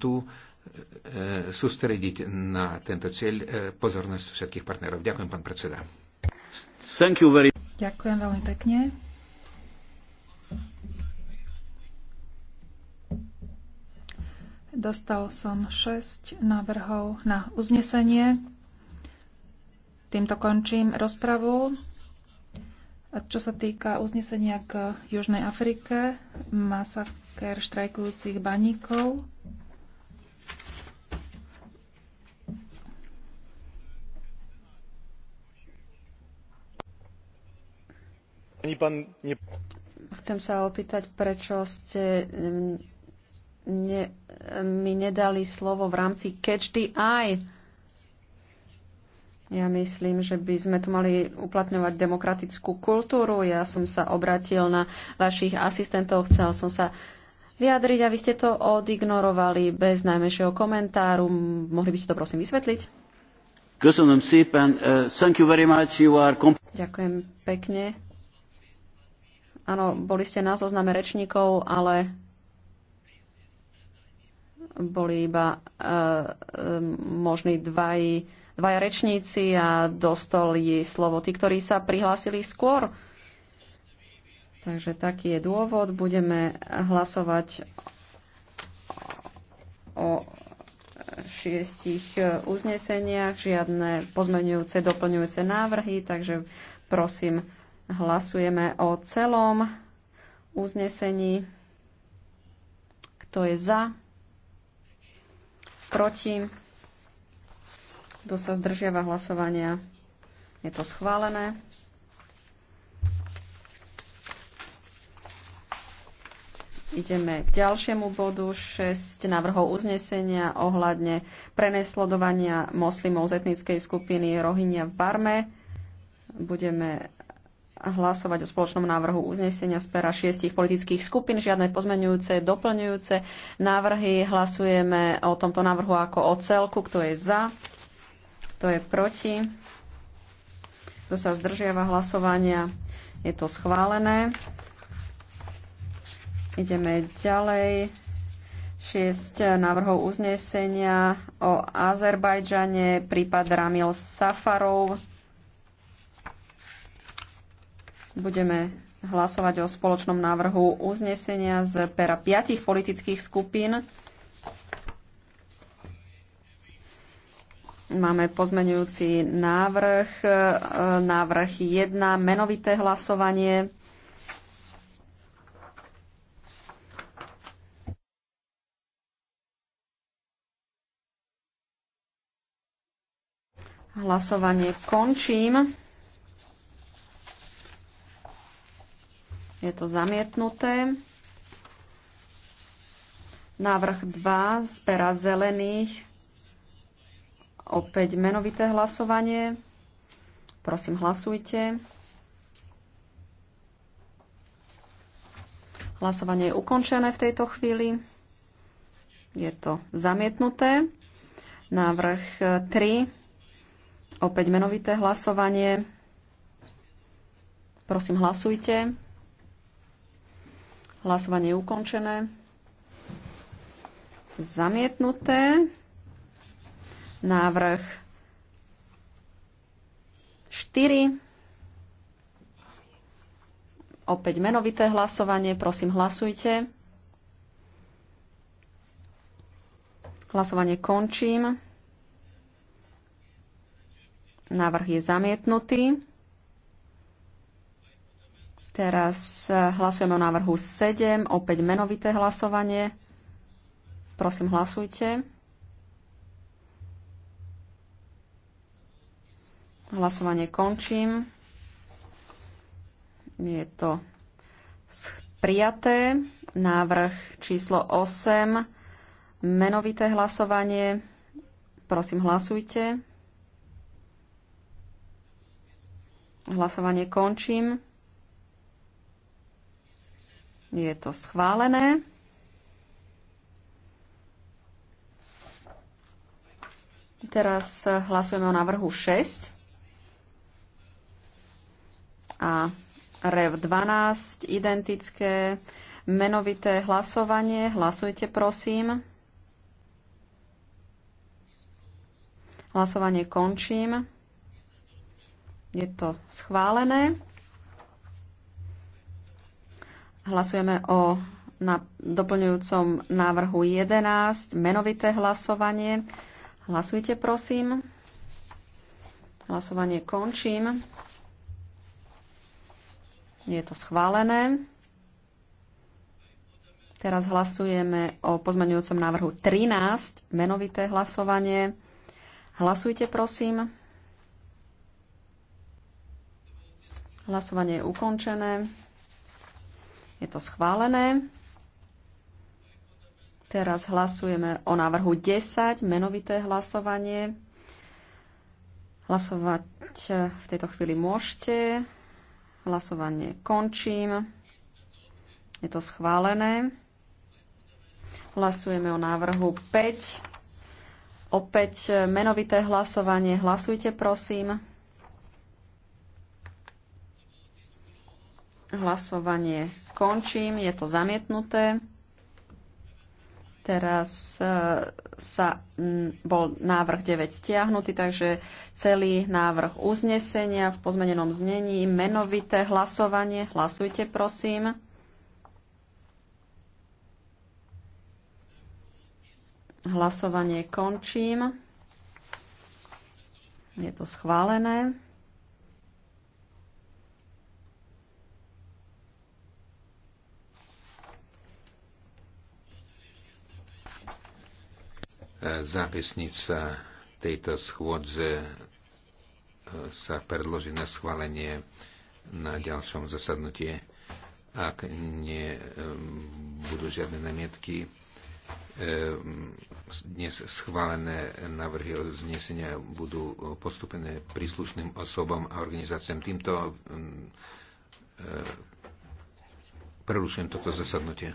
tu e, e, sústrediť na tento cieľ e, pozornosť všetkých partnerov. Ďakujem, pán predseda. Thank you very... Ďakujem veľmi pekne. Dostal som 6 návrhov na uznesenie. Týmto končím rozpravu. A čo sa týka uznesenia k Južnej Afrike, masaker štrajkujúcich baníkov, Chcem sa opýtať, prečo ste mm, ne, mi nedali slovo v rámci Catch the Eye. Ja myslím, že by sme tu mali uplatňovať demokratickú kultúru. Ja som sa obratil na vašich asistentov, chcel som sa vyjadriť a vy ste to odignorovali bez najmenšieho komentáru. Mohli by ste to prosím vysvetliť? Ďakujem pekne. Áno, boli ste na zozname rečníkov, ale boli iba uh, možní dvaj, dvaja rečníci a dostali slovo tí, ktorí sa prihlásili skôr. Takže taký je dôvod. Budeme hlasovať o šiestich uzneseniach, žiadne pozmenujúce, doplňujúce návrhy, takže prosím Hlasujeme o celom uznesení. Kto je za? Proti? Kto sa zdržiava hlasovania? Je to schválené. Ideme k ďalšiemu bodu 6 návrhov uznesenia ohľadne prenesledovania moslimov z etnickej skupiny Rohingya v Barme. Budeme hlasovať o spoločnom návrhu uznesenia z pera šiestich politických skupín. Žiadne pozmenujúce, doplňujúce návrhy. Hlasujeme o tomto návrhu ako o celku. Kto je za? Kto je proti? Kto sa zdržiava hlasovania? Je to schválené. Ideme ďalej. 6 návrhov uznesenia o Azerbajdžane, prípad Ramil Safarov. Budeme hlasovať o spoločnom návrhu uznesenia z pera piatich politických skupín. Máme pozmenujúci návrh, e, návrh 1, menovité hlasovanie. Hlasovanie končím. Je to zamietnuté. Návrh 2 z pera zelených. Opäť menovité hlasovanie. Prosím, hlasujte. Hlasovanie je ukončené v tejto chvíli. Je to zamietnuté. Návrh 3. Opäť menovité hlasovanie. Prosím, hlasujte. Hlasovanie ukončené. Zamietnuté. Návrh 4. Opäť menovité hlasovanie. Prosím, hlasujte. Hlasovanie končím. Návrh je zamietnutý. Teraz e, hlasujeme o návrhu 7, opäť menovité hlasovanie. Prosím, hlasujte. Hlasovanie končím. Je to prijaté. Návrh číslo 8. Menovité hlasovanie. Prosím, hlasujte. Hlasovanie končím. Je to schválené. Teraz hlasujeme o návrhu 6 a REV 12, identické, menovité hlasovanie. Hlasujte, prosím. Hlasovanie končím. Je to schválené. Hlasujeme o na doplňujúcom návrhu 11, menovité hlasovanie. Hlasujte, prosím. Hlasovanie končím. Je to schválené. Teraz hlasujeme o pozmeňujúcom návrhu 13, menovité hlasovanie. Hlasujte, prosím. Hlasovanie je ukončené. Je to schválené. Teraz hlasujeme o návrhu 10, menovité hlasovanie. Hlasovať v tejto chvíli môžete. Hlasovanie končím. Je to schválené. Hlasujeme o návrhu 5. Opäť menovité hlasovanie. Hlasujte, prosím. Hlasovanie končím, je to zamietnuté. Teraz e, sa bol návrh 9 stiahnutý, takže celý návrh uznesenia v pozmenenom znení, menovité hlasovanie. Hlasujte, prosím. Hlasovanie končím. Je to schválené. Zápisnica tejto schôdze e, sa predloží na schválenie na ďalšom zasadnutí. Ak nie e, budú žiadne namietky, e, dnes schválené návrhy o znesenia budú postupené príslušným osobom a organizáciám. Týmto prerušujem toto zasadnutie.